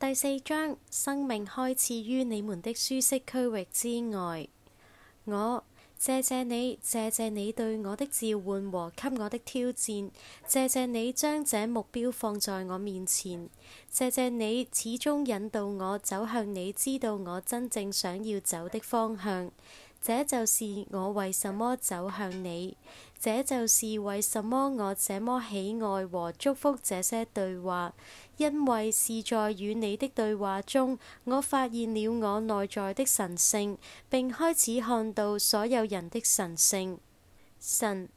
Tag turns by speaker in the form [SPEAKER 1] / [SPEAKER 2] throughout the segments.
[SPEAKER 1] 第四章，生命開始於你們的舒適區域之外。我謝謝你，謝謝你對我的召喚和給我的挑戰，謝謝你將這目標放在我面前，謝謝你始終引導我走向你知道我真正想要走的方向。這就是我為什麼走向你。這就是為什麼我這麼喜愛和祝福這些對話，因為是在與你的對話中，我發現了我內在的神聖，並開始看到所有人的神聖。神，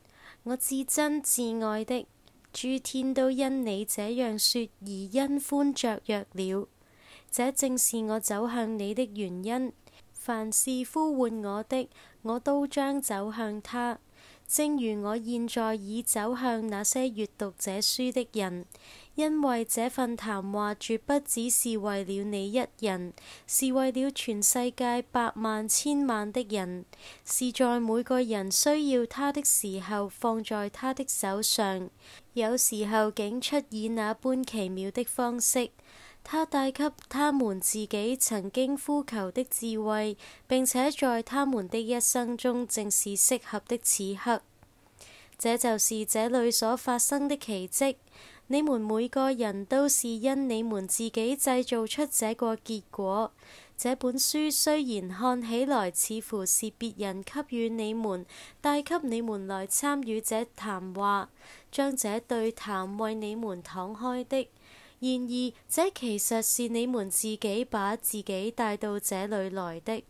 [SPEAKER 1] 我至真至愛的，諸天都因你這樣說而因歡雀躍了。這正是我走向你的原因。凡是呼喚我的，我都將走向他。正如我現在已走向那些閱讀這書的人，因為這份談話絕不只是為了你一人，是為了全世界百萬千萬的人，是在每個人需要他的時候放在他的手上，有時候竟出以那般奇妙的方式。他帶給他們自己曾經呼求的智慧，並且在他們的一生中正是適合的此刻。這就是這裡所發生的奇蹟。你們每個人都是因你們自己製造出這個結果。這本書雖然看起來似乎是別人給予你們，帶給你們來參與這談話，將這對談為你們敞開的。然而，這其實是你們自己把自己帶到這裏來的。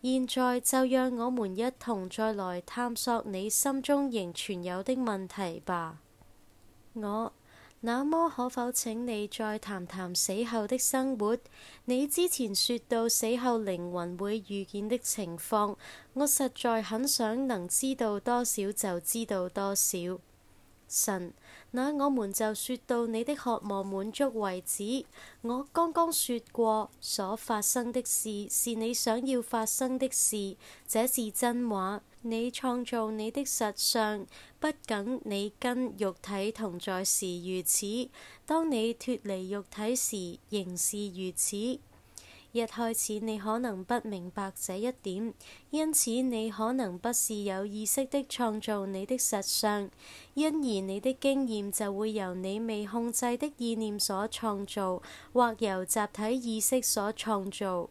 [SPEAKER 1] 現在就讓我們一同再來探索你心中仍存有的問題吧。我，那麼可否請你再談談死後的生活？你之前說到死後靈魂會遇見的情況，我實在很想能知道多少就知道多少。神，那我們就說到你的渴望滿足為止。我剛剛說過，所發生的事是你想要發生的事，這是真話。你創造你的實相，不僅你跟肉體同在時如此，當你脫離肉體時仍是如此。一開始，你可能不明白這一點，因此你可能不是有意識的創造你的實相，因而你的經驗就會由你未控制的意念所創造，或由集體意識所創造。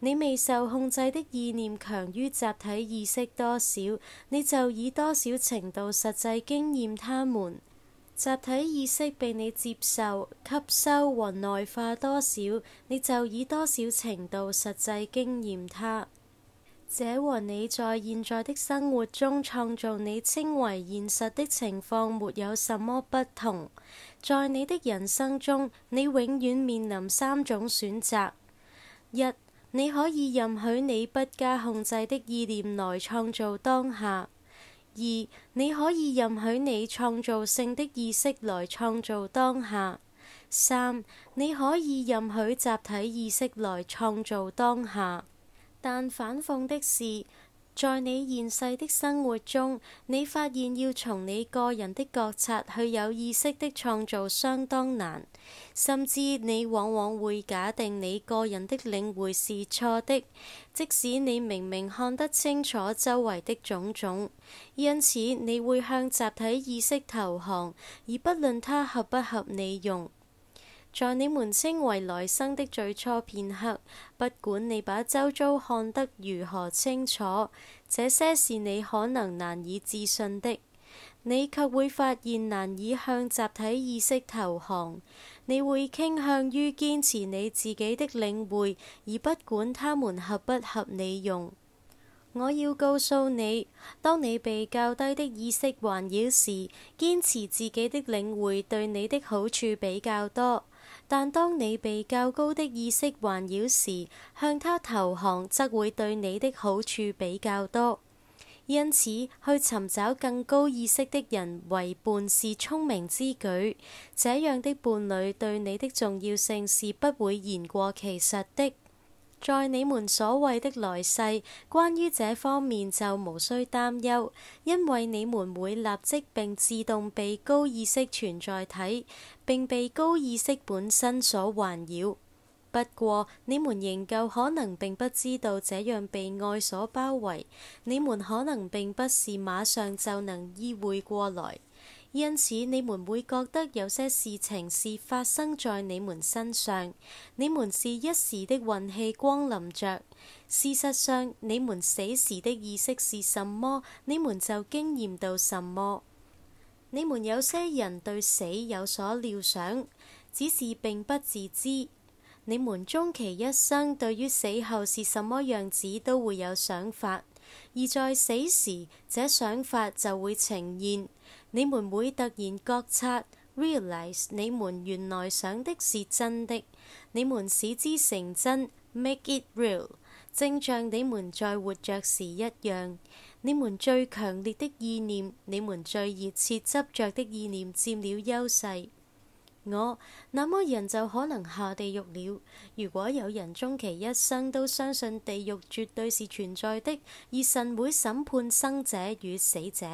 [SPEAKER 1] 你未受控制的意念強於集體意識多少，你就以多少程度實際經驗他們。集體意識被你接受、吸收和內化多少，你就以多少程度實際經驗它。這和你在現在的生活中創造你稱為現實的情況沒有什麼不同。在你的人生中，你永遠面臨三種選擇：一，你可以任許你不加控制的意念來創造當下。二，你可以允許你創造性的意識來創造當下；三，你可以允許集體意識來創造當下。但反諷的是。在你現世的生活中，你發現要從你個人的覺察去有意識的創造相當難，甚至你往往會假定你個人的領會是錯的，即使你明明看得清楚周圍的種種。因此，你會向集體意識投降，而不論它合不合你用。在你們稱為來生的最初片刻，不管你把周遭看得如何清楚，這些是你可能難以置信的。你卻會發現難以向集體意識投降，你會傾向於堅持你自己的領會，而不管他們合不合你用。我要告訴你，當你被較低的意識環繞時，堅持自己的領會對你的好處比較多。但當你被較高的意識環繞時，向他投降則會對你的好處比較多。因此，去尋找更高意識的人為伴是聰明之舉。這樣的伴侶對你的重要性是不會言過其實的。在你們所謂的來世，關於這方面就無需擔憂，因為你們會立即並自動被高意識存在體並被高意識本身所環繞。不過，你們仍舊可能並不知道這樣被愛所包圍，你們可能並不是馬上就能意會過來。因此，你們會覺得有些事情是發生在你們身上，你們是一時的運氣光臨着。事實上，你們死時的意識是什麼，你們就經驗到什麼。你們有些人對死有所料想，只是並不自知。你們終其一生對於死後是什麼樣子都會有想法，而在死時，這想法就會呈現。你們會突然覺察，realize，你們原來想的是真的，你們使之成真，make it real，正像你們在活着時一樣。你們最強烈的意念，你們最熱切執著的意念佔了優勢。我，那麼人就可能下地獄了。如果有人終其一生都相信地獄絕對是存在的，而神會審判生者與死者。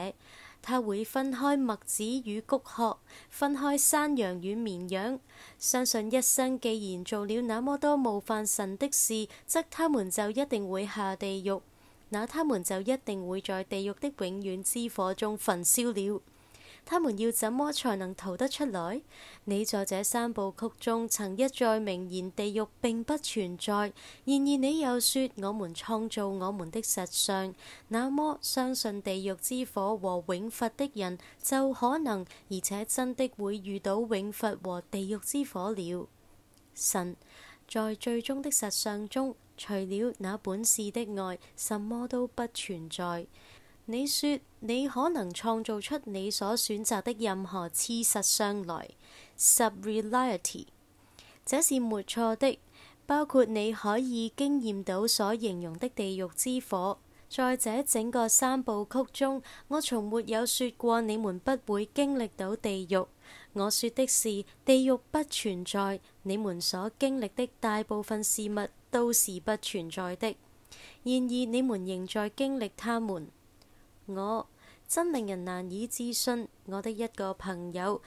[SPEAKER 1] 他會分開麥子與穀殼，分開山羊與綿羊。相信一生既然做了那麼多冒犯神的事，則他們就一定會下地獄，那他們就一定會在地獄的永遠之火中焚燒了。他們要怎麼才能逃得出來？你在這三部曲中曾一再明言地獄並不存在，然而你又說我們創造我們的實相，那麼相信地獄之火和永罰，的人就可能而且真的會遇到永罰和地獄之火了。神，在最終的實相中，除了那本是的愛，什麼都不存在。你說你可能創造出你所選擇的任何事實上來 sub reality，這是沒錯的，包括你可以經驗到所形容的地獄之火。在這整個三部曲中，我從沒有說過你們不會經歷到地獄。我說的是地獄不存在，你們所經歷的大部分事物都是不存在的，然而你們仍在經歷他們。我真，令人難以置信。我的一個朋友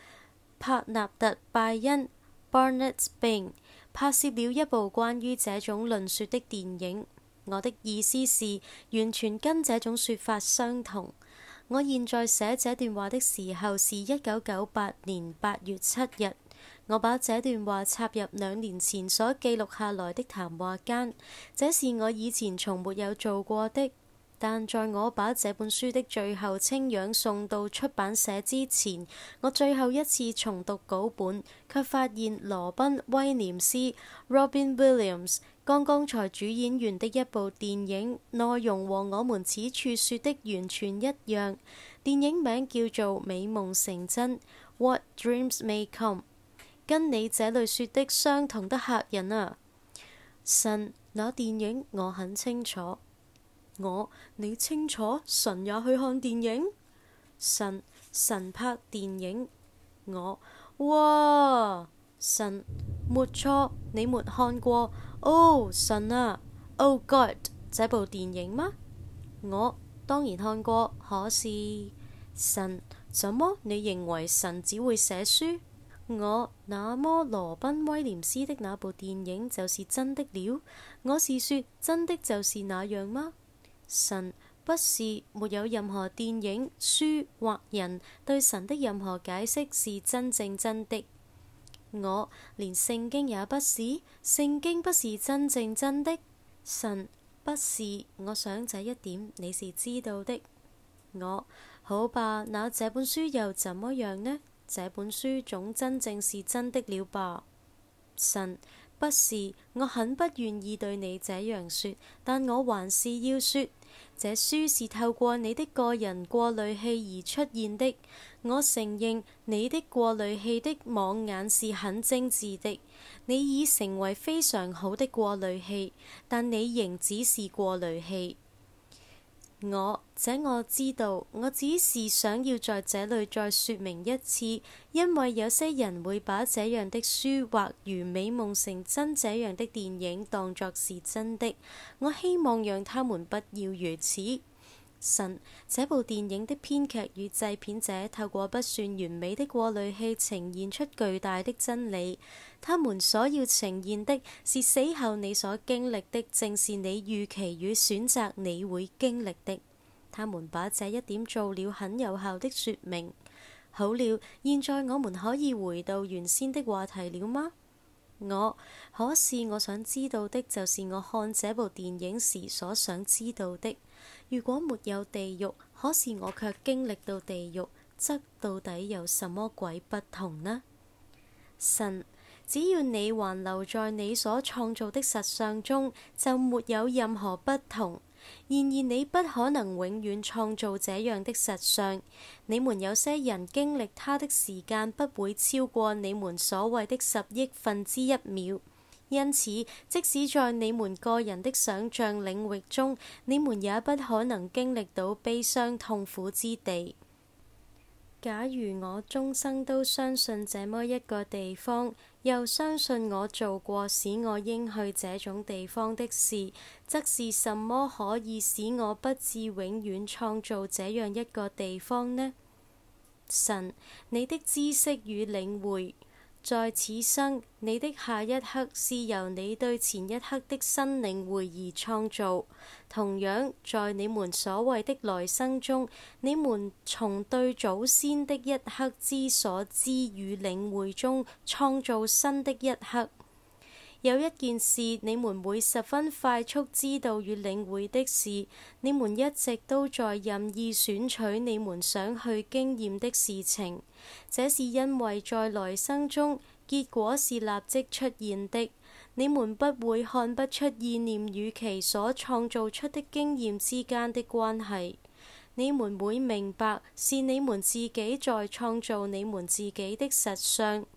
[SPEAKER 1] 帕納特拜恩 （Bernard b i n 拍攝了一部關於這種論說的電影。我的意思是，完全跟這種說法相同。我現在寫這段話的時候是一九九八年八月七日。我把這段話插入兩年前所記錄下來的談話間。這是我以前從沒有做過的。但在我把這本書的最後清樣送到出版社之前，我最後一次重讀稿本，卻發現羅賓威廉斯 （Robin Williams） 剛剛才主演完的一部電影，內容和我們此處說的完全一樣。電影名叫做《美夢成真》（What Dreams May Come），跟你這裏說得相同的嚇人啊！神，那電影我很清楚。我你清楚神也去看電影，神神拍電影，我哇神，沒錯，你沒看過哦神啊哦 god 這部電影嗎？我當然看過，可是神什麼你認為神只會寫書？我那麼羅賓威廉斯的那部電影就是真的了？我是說真的就是那樣嗎？神，不是，沒有任何電影、書或人對神的任何解釋是真正真的。我，連聖經也不是，聖經不是真正真的。神，不是，我想這一點你是知道的。我，好吧，那這本書又怎麼樣呢？這本書總真正是真的了吧？神，不是，我很不願意對你這樣說，但我還是要說。這書是透過你的個人過濾器而出現的。我承認你的過濾器的網眼是很精致的，你已成為非常好的過濾器，但你仍只是過濾器。我，這我知道，我只是想要在這裡再説明一次，因為有些人會把這樣的書或如《美夢成真》這樣的電影當作是真的。我希望讓他們不要如此。神，這部電影的編劇與製片者透過不算完美的過濾器呈現出巨大的真理。他們所要呈現的是死後你所經歷的，正是你預期與選擇你會經歷的。他們把這一點做了很有效的說明。好了，現在我們可以回到原先的話題了嗎？我，可是我想知道的就是我看這部電影時所想知道的。如果沒有地獄，可是我卻經歷到地獄，則到底有什麼鬼不同呢？神，只要你還留在你所創造的實相中，就沒有任何不同。然而你不可能永遠創造這樣的實相。你們有些人經歷他的時間不會超過你們所謂的十億分之一秒。因此，即使在你們個人的想像領域中，你們也不可能經歷到悲傷痛苦之地。假如我終生都相信這麼一個地方，又相信我做過使我應去這種地方的事，則是什麼可以使我不至永遠創造這樣一個地方呢？神，你的知識與領會。在此生，你的下一刻是由你對前一刻的新領會而創造。同樣，在你們所謂的來生中，你們從對祖先的一刻之所知與領會中創造新的一刻。有一件事，你們會十分快速知道與領會的是，你們一直都在任意選取你們想去經驗的事情。這是因為在來生中，結果是立即出現的。你們不會看不出意念與其所創造出的經驗之間的關係，你們會明白，是你們自己在創造你們自己的實相。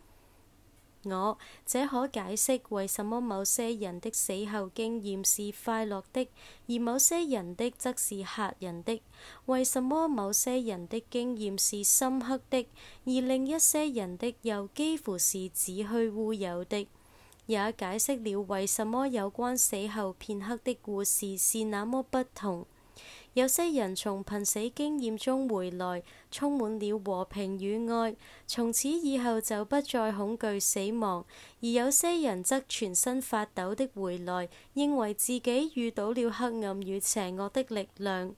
[SPEAKER 1] 我這可解釋為什麼某些人的死後經驗是快樂的，而某些人的則是嚇人的。為什麼某些人的經驗是深刻的，而另一些人的又幾乎是子虛烏有的？也解釋了為什麼有關死後片刻的故事是那麼不同。有些人從瀕死經驗中回來，充滿了和平與愛，從此以後就不再恐懼死亡；而有些人則全身發抖的回來，認為自己遇到了黑暗與邪惡的力量。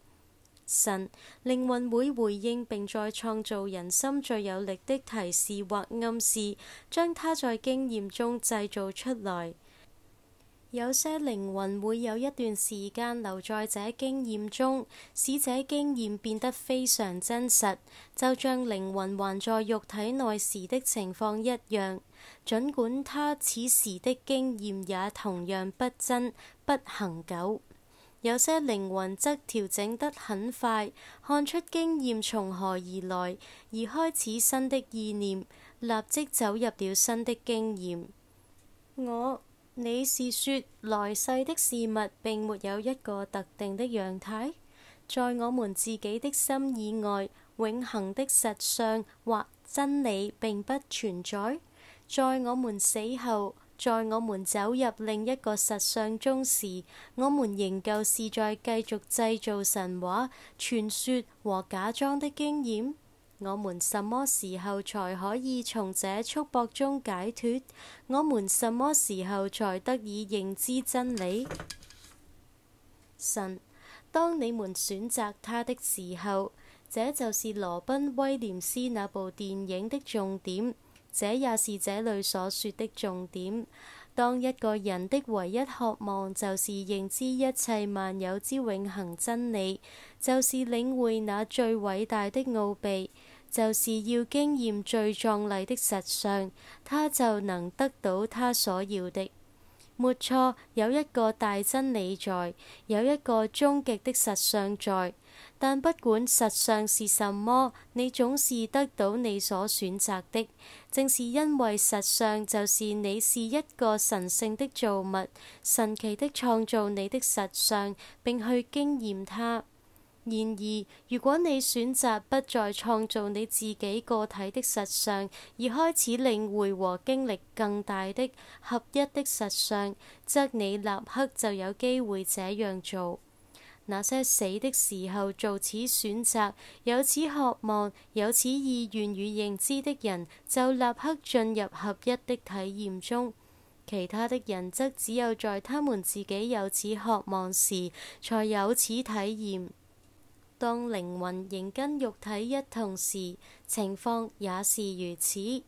[SPEAKER 1] 神，靈魂會回應並再創造人心最有力的提示或暗示，將它在經驗中製造出來。有些靈魂會有一段時間留在這經驗中，使這經驗變得非常真實，就像靈魂還在肉體內時的情況一樣。儘管他此時的經驗也同樣不真、不恆久。有些靈魂則調整得很快，看出經驗從何而來，而開始新的意念，立即走入了新的經驗。我。你是說，來世的事物並沒有一個特定的樣態，在我們自己的心以外，永恆的實相或真理並不存在。在我們死後，在我們走入另一個實相中時，我們仍舊是在繼續製造神話、傳說和假裝的經驗。我們什麼時候才可以從這束縛中解脫？我們什麼時候才得以認知真理？神，當你們選擇他的時候，這就是羅賓威廉斯那部電影的重點，這也是這裏所說的重點。當一個人的唯一渴望就是認知一切萬有之永恒真理，就是領會那最偉大的奧秘，就是要經驗最壯麗的實相，他就能得到他所要的。沒錯，有一個大真理在，有一個終極的實相在。但不管實相是什麼，你總是得到你所選擇的。正是因為實相就是你是一個神聖的造物，神奇的創造你的實相，並去經驗它。然而，如果你選擇不再創造你自己個體的實相，而開始領會和經歷更大的合一的實相，則你立刻就有機會這樣做。那些死的時候做此選擇，有此渴望、有此意願與認知的人，就立刻進入合一的體驗中；其他的人則只有在他們自己有此渴望時，才有此體驗。當靈魂仍跟肉體一同時，情況也是如此。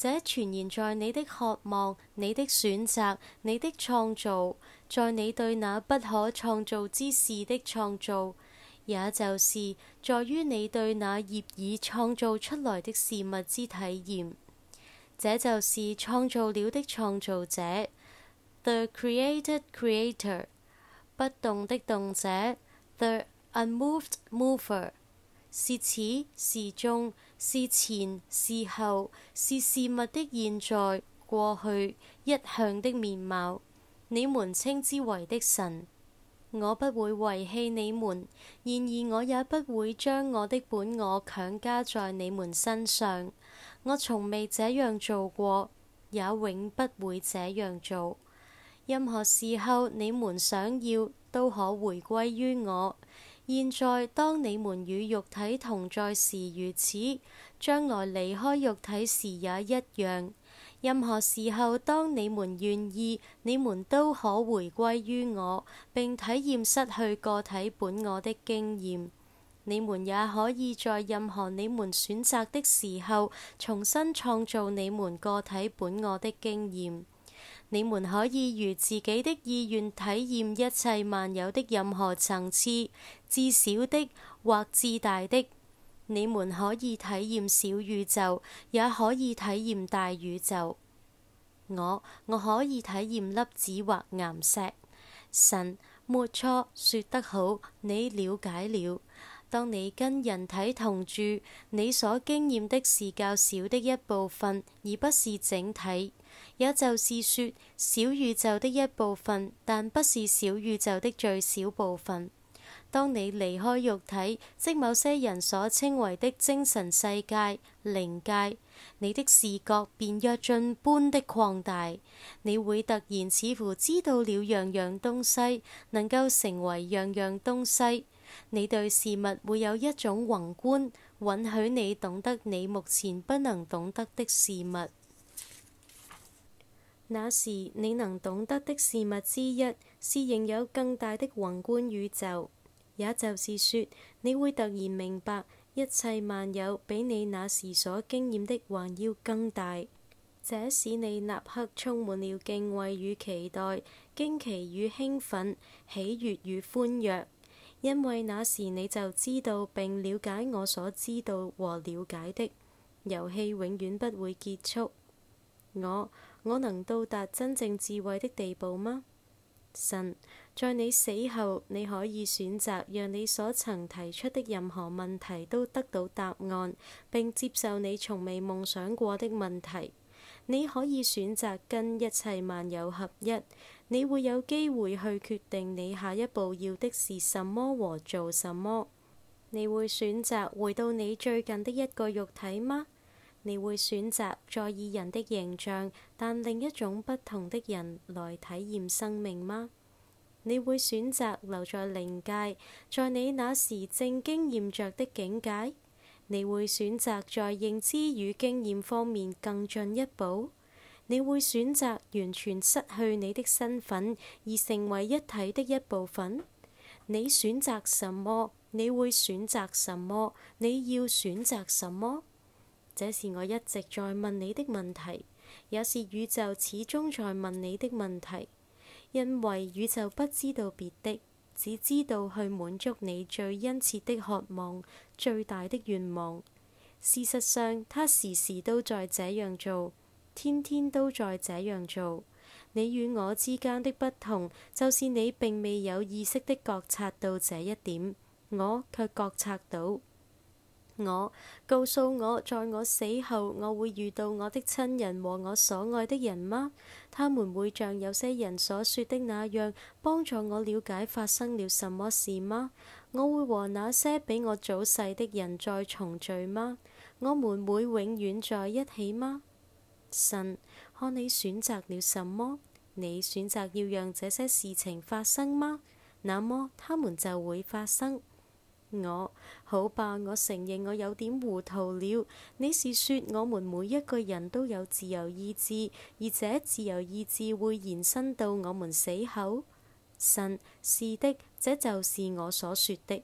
[SPEAKER 1] 這全然在你的渴望、你的選擇、你的創造，在你對那不可創造之事的創造，也就是在於你對那業已創造出來的事物之體驗。這就是創造了的創造者，the created creator，不動的動者，the unmoved mover，是始是終。是前是後，是事物的現在、過去、一向的面貌，你們稱之為的神。我不會遺棄你們；然而我也不會將我的本我強加在你們身上。我從未這樣做過，也永不會這樣做。任何時候你們想要，都可回歸於我。現在，當你們與肉體同在時如此，將來離開肉體時也一樣。任何時候，當你們願意，你們都可回歸於我，並體驗失去個體本我的經驗。你們也可以在任何你們選擇的時候，重新創造你們個體本我的經驗。你們可以如自己的意願體驗一切萬有的任何層次，至小的或至大的。你們可以體驗小宇宙，也可以體驗大宇宙。我，我可以體驗粒子或岩石。神，沒錯，說得好，你了解了。當你跟人體同住，你所經驗的是較小的一部分，而不是整體。也就是說，小宇宙的一部分，但不是小宇宙的最小部分。當你離開肉體，即某些人所稱為的精神世界、靈界，你的視覺便躍進般的擴大。你會突然似乎知道了樣樣東西，能夠成為樣樣東西。你對事物會有一種宏觀，允許你懂得你目前不能懂得的事物。那時你能懂得的事物之一，是仍有更大的宏觀宇宙，也就是說，你會突然明白一切萬有比你那時所經驗的還要更大。這使你立刻充滿了敬畏與期待、驚奇與興奮，喜悅與歡躍。因為那時你就知道並了解我所知道和了解的遊戲永遠不會結束。我我能到達真正智慧的地步嗎？神，在你死後，你可以選擇讓你所曾提出的任何問題都得到答案，並接受你從未夢想過的問題。你可以選擇跟一切萬有合一，你會有機會去決定你下一步要的是什麼和做什麼。你會選擇回到你最近的一個肉體嗎？你會選擇再以人的形象，但另一種不同的人來體驗生命嗎？你會選擇留在靈界，在你那時正經驗着的境界？你會選擇在認知與經驗方面更進一步？你會選擇完全失去你的身份而成為一體的一部分？你選擇什麼？你會選擇什麼？你要選擇什麼？這是我一直在問你的問題，也是宇宙始終在問你的問題。因為宇宙不知道別的，只知道去滿足你最殷切的渴望、最大的願望。事實上，它時時都在這樣做，天天都在這樣做。你與我之間的不同，就是你並未有意識的覺察到這一點，我卻覺察到。我告訴我，在我死後，我會遇到我的親人和我所愛的人嗎？他們會像有些人所說的那樣，幫助我了解發生了什麼事嗎？我會和那些比我早逝的人再重聚嗎？我們會永遠在一起嗎？神，看你選擇了什麼？你選擇要讓這些事情發生嗎？那麼他們就會發生。我，好吧，我承認我有點糊塗了。你是說我們每一個人都有自由意志，而且自由意志會延伸到我們死後？神，是的，這就是我所說的。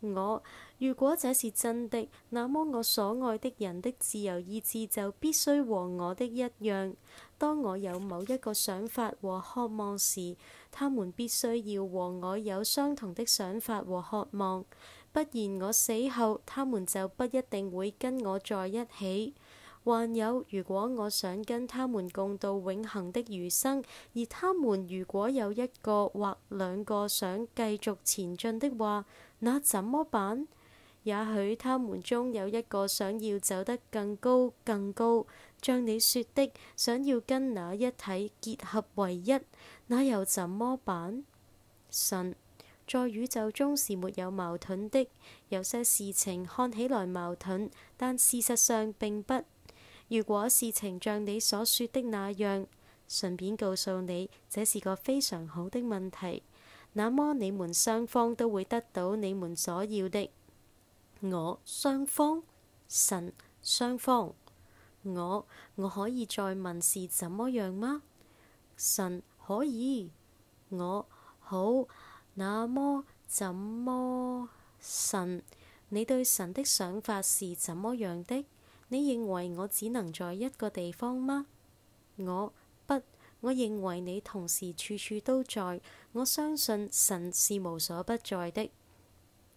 [SPEAKER 1] 我。如果這是真的，那麼我所愛的人的自由意志就必須和我的一樣。當我有某一個想法和渴望時，他們必須要和我有相同的想法和渴望，不然我死後他們就不一定會跟我在一起。還有，如果我想跟他們共度永恆的餘生，而他們如果有一個或兩個想繼續前進的話，那怎麼辦？也許他們中有一個想要走得更高更高，像你說的，想要跟那一體結合為一，那又怎麼辦？神在宇宙中是沒有矛盾的，有些事情看起來矛盾，但事實上並不。如果事情像你所說的那樣，順便告訴你，這是個非常好的問題，那麼你們雙方都會得到你們所要的。我雙方，神雙方。我，我可以再問是怎麼樣嗎？神，可以。我，好，那麼怎麼神？你對神的想法是怎麼樣的？你認為我只能在一個地方嗎？我，不，我認為你同時處處都在。我相信神是無所不在的。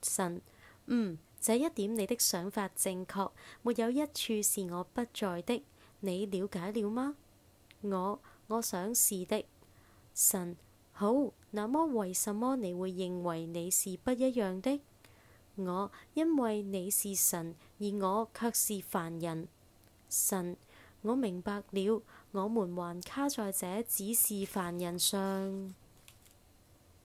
[SPEAKER 1] 神。嗯。這一點，你的想法正確，沒有一處是我不在的。你了解了嗎？我，我想是的。神，好，那麼為什麼你會認為你是不一樣的？我，因為你是神，而我卻是凡人。神，我明白了。我們還卡在這，只是凡人上。